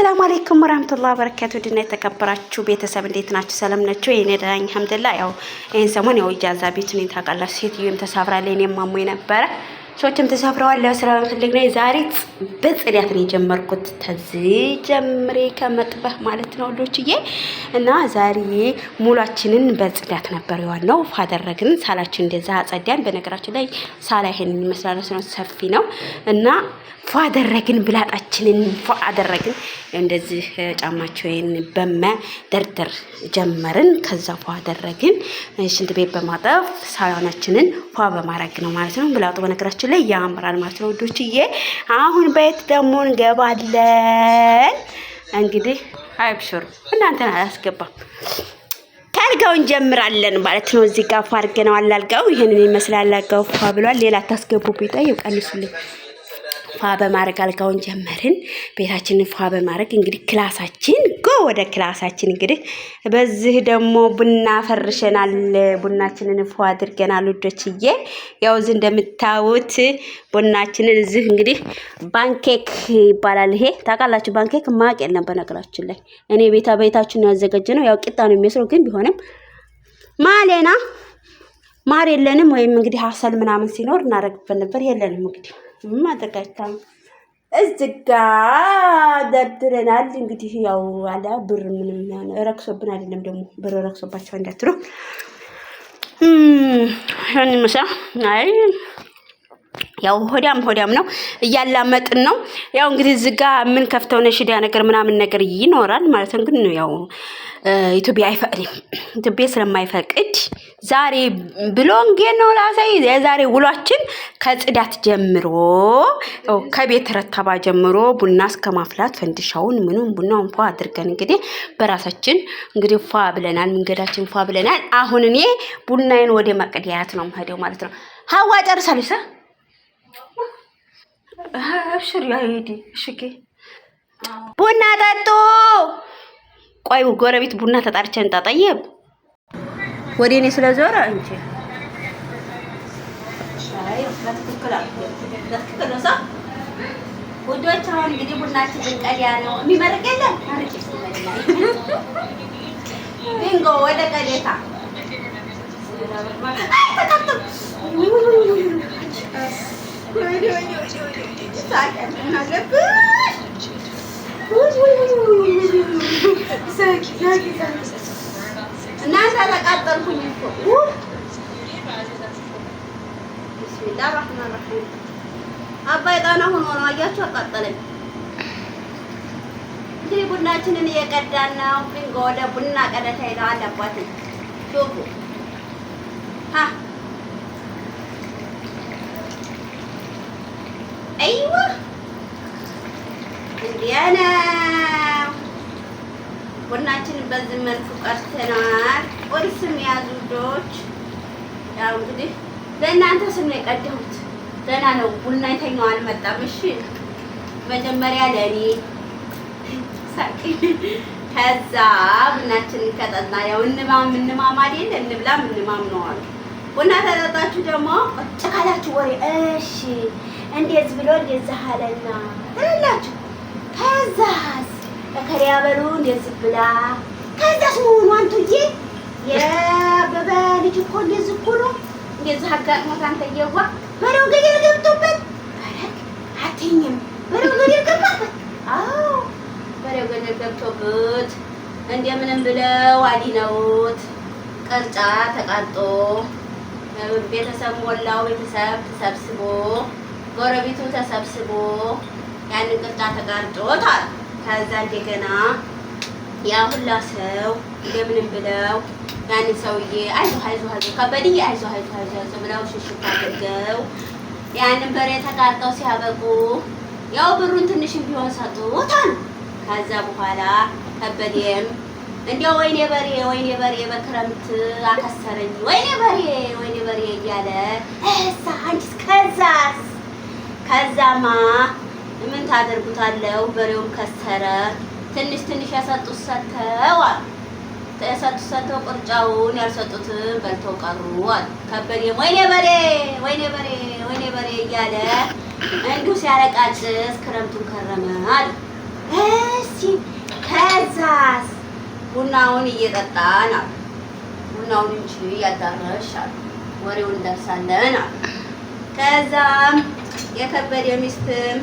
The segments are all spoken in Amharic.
ሰላም አለይኩም ወራህመቱላሂ ወበረካቱ። ድና የተከበራችሁ ቤተሰብ እንዴት ናችሁ? ሰላም ናችሁ? የኔ ደህና ነኝ አልሐምዱሊላህ። ያው ይሄን ሰሞን ያው ኢጃዛ ቤት ነኝ ታውቃላችሁ። ሴትዮዋም ተሳፍራለች፣ እኔም አሞኝ ነበረ፣ ሰዎችም ተሳፍረዋል። ለስራ ፈልግ ነኝ ዛሬ በጽዳት ነው የጀመርኩት፣ ተዚህ ጀምሬ ከመጥበህ ማለት ነው ልጆችዬ። እና ዛሬ ሙሏችንን በጽዳት ነበር የዋልነው። ፋደረግን ሳላችን እንደዛ አጸዳን። በነገራችን ላይ ሳላ ይሄን ነው ሰፊ ነው እና ፎ አደረግን ብላጣችንን ፎ አደረግን። እንደዚህ ጫማቸውን በመደርደር ጀመርን። ከዛ ፎ አደረግን። ሽንት ቤት በማጠብ ሳዮናችንን ፏ በማድረግ ነው ማለት ነው። ብላጡ በነገራችን ላይ ያምራል ማለት ነው ውዶችዬ። አሁን ቤት ደግሞ እንገባለን። እንግዲህ አይብሹር እናንተን አላስገባም አልጋው እንጀምራለን ማለት ነው። እዚህ ጋር ፏ አድርገነዋል። አልጋው ይህንን ይመስላል። አልጋው ፏ ብሏል። ሌላ አታስገቡ። ቤታ ይቀንሱልኝ። ፏ በማድረግ አልጋውን ጀመርን። ቤታችንን ፏ በማድረግ እንግዲህ ክላሳችን ጎ ወደ ክላሳችን እንግዲህ በዚህ ደግሞ ቡና ፈርሸናል። ቡናችንን ፏ አድርገናል ውዶችዬ። ያው እዚህ እንደምታዩት ቡናችንን እዚህ እንግዲህ ባንኬክ ይባላል ይሄ ታውቃላችሁ። ባንኬክ ማቅ የለም በነገራችን ላይ እኔ ቤታ ቤታችን ያዘጋጀ ነው። ያው ቂጣ ነው የሚመስለው ግን ቢሆንም ማሌና ማር የለንም ወይም እንግዲህ አሰል ምናምን ሲኖር እናደርግበት ነበር። የለንም እንግዲህ ምንም ማድረግ እዚህ ጋ ደርድረናል። እንግዲህ ያው አለ ብር ምንም ረክሶብን አይደለም ደግሞ ብር ረክሶባቸው እንዳትሉ። ምሳ አይ ያው ሆዳም ሆዳም ነው እያላመጥን ነው። ያው እንግዲህ እዚህ ጋ ምን ከፍተው ነው ሽዳ ነገር ምናምን ነገር ይኖራል ማለት ነው። ግን ያው ኢትዮጵያ አይፈቅድም። ኢትዮጵያ ስለማይፈቅድ ዛሬ ብሎንጌን ነው ላሳይ። የዛሬ ውሏችን ከጽዳት ጀምሮ ከቤት ረተባ ጀምሮ ቡና እስከ ማፍላት ፈንድሻውን ምኑም ቡናውን ፏ አድርገን እንግዲህ በራሳችን እንግዲህ ፏ ብለናል። መንገዳችን ፏ ብለናል። አሁን እኔ ቡናዬን ወደ መቅዲያት ነው የምሄደው ማለት ነው። ሀዋ ጨርሳለች። እብሽር ያሄድ እሽጌ ቡና ጠጡ። ቆይ ጎረቤት ቡና ተጣርቸን ጣጣየ ወደ እኔ ስለዞረ እንጂ ውዶች አሁን እንግዲህ ቡናችን ብንቀዳ ነው የሚመርቅ የለም። ቢንጎ ወደ ቀዴታ ሳቂ እናንተ ተቃጠልኩኝ እኮ ብስሚላህ ራህማን ራሂም አባይ ጣና ሆኖ ነው አያችሁ፣ አቃጠለኝ። እንግዲህ ቡናችንን እየቀዳን ነው። ቢንጎ ወደ ቡና ቀደታ ሄደዋል አባቴ ሹፉ በዚህ መልኩ ቀርተናል። ቁርስም ያዙ ልጆች ያው እንግዲህ ለእናንተ ስም ነው የቀደሁት። ደህና ነው ቡና የተኛው አልመጣም። እሺ መጀመሪያ ለእኔ ሳቂ፣ ከዛ ቡናችንን ከጠጣን ያው እንማም እንማም አይደል እንብላም እንማም ነው አሉ። ቡና ተጠጣችሁ ደግሞ ቁጭ ካላችሁ ወሬ እሺ እንዴት ብሎ እንደዚህ አለና ትላላችሁ። ከዛስ እከሪያ በሉ እንደዚህ ብላ ከዛስ መሆኑ አንቱዬ የአበበ ልጅ እኮ እንደዚህ እኮ ነው እንደዚህ አጋጥሞት አንተዬዋ በለው ገደል ገብቶበት አትይኝም በለው ገደል ገባበት። አዎ ገደል ገብቶበት እንደምንም ብለው አዲነውት ቅርጫ ተቃጦ ቤተሰብ ሞላው ቤተሰብ ተሰብስቦ ጎረቤቱ ተሰብስቦ ያንን ቅርጫ ተቃርጦታል። ከዛ እንደገና ያ ሁላ ሰው እንደምንም ብለው ያንን ሰውዬ አይዞህ አይዞህ አይዞህ ከበድዬ አይዞህ አይዞህ አይዞህ ብለው ሽሽት አድርገው ያንን በሬ ተቃርጠው ሲያበቁ ያው ብሩን ትንሽም ቢሆን ሰጡት ከዛ በኋላ ከበዴም እንዲያው ወይኔ በሬ ወይኔ በሬ በክረምት አከሰረኝ ወይኔ በሬ ወይኔ በሬ እያለ እሳ አንቺስ ከዛስ ከዛማ ምን ታደርጉታለው በሬውም ከሰረ ትንሽ ትንሽ ያሰጡት ሰተው አሉ የሰጡት ሰተው ቁርጫውን ያልሰጡትን በልተው ቀሩ አሉ። ከበዴ ወይኔ በሬ ወይኔ በሬ ወይኔ በሬ እያለ እንዲሁ ሲያለቃጭስ ክረምቱን ከረመ አሉ። እሺ ከዛስ ቡናውን እየጠጣን አሉ። ቡናውን እንጂ እያዳረሽ አሉ። ወሬውን እንደርሳለን አሉ። ከዛም የከበዴ ሚስትም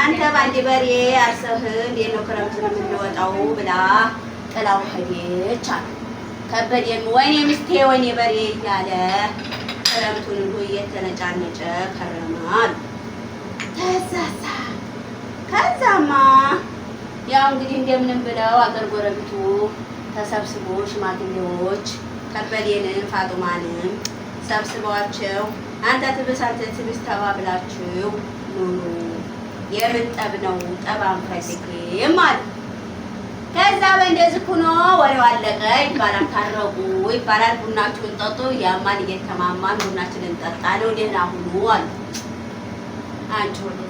አንተ ባንድ በሬ አርሰህ እንዴት ነው ክረምት ነው የምንወጣው ብላ ጥላው ሄደች አሉ። ከበደም ወይኔ ሚስቴ ወይኔ በሬ እያለ ክረምቱን ሁሉ እየተነጫነጨ ከረማል። ተዛዛ ከዛማ ያው እንግዲህ እንደምንም ብለው አገር ጎረቤቱ ተሰብስቦ ሽማግሌዎች ከበዴንም ፋጡማንም ሰብስበዋቸው አንተ ትብስ አንተ ትብስ ተባብላችሁ ኑኑ የምጠብ ነው ጠባም ፈስክም አለ። ከዛ በእንደዚህ ሆኖ ወሬው አለቀ ይባላል። ታረቁ ይባላል። ቡናችሁን ጠጡ። ያማን እየተማማን ቡናችንን ጠጣ ነው። ደህና ሁኑ አሉ። አንቺ ወለት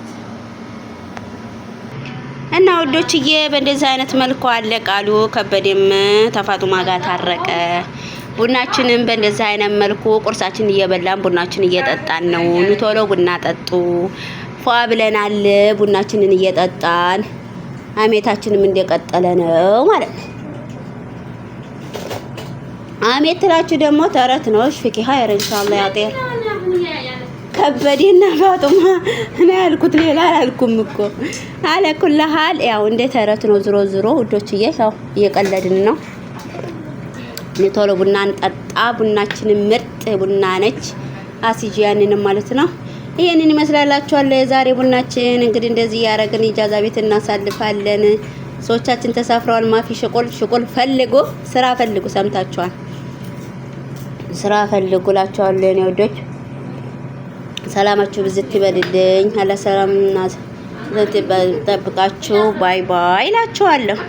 እና ወዶችዬ በእንደዚህ አይነት መልኩ አለቃሉ። ከበደም ተፋጡማ ጋር ታረቀ። ቡናችንን በእንደዚህ አይነት መልኩ ቁርሳችን እየበላን ቡናችን እየጠጣን ነው። ቶሎ ቡና ጠጡ። ፏ ብለናል። ቡናችንን እየጠጣን አሜታችንም እንደቀጠለ ነው ማለት ነው። አሜት ትላችሁ ደግሞ ተረት ነው። እሺ ፍቂ ሀይር ኢንሻአላህ ያጤር ከበዴና ፋጡማ እኔ ያልኩት ሌላ አላልኩም እኮ አለ ኩል ሀል ያው እንደ ተረት ነው። ዝሮ ዝሮ ውዶችዬ ያው እየቀለድን ነው። ቶሎ ቡና እንጠጣ። ቡናችንን ምርጥ ቡና ነች። አሲጂያንንም ማለት ነው ይህንን ይመስላላችኋል የዛሬ ቡናችን። እንግዲህ እንደዚህ እያደረግን ኢጃዛ ቤት እናሳልፋለን። ሰዎቻችን ተሳፍረዋል። ማፊ ሽቆል ሽቁል ፈልጉ፣ ስራ ፈልጉ። ሰምታችኋል፣ ስራ ፈልጉ እላችኋለሁ ወዶች። ሰላማችሁ ብዝት ይበልልኝ። አላ ሰላምና ጠብቃችሁ። ባይ ባይ እላችኋለሁ።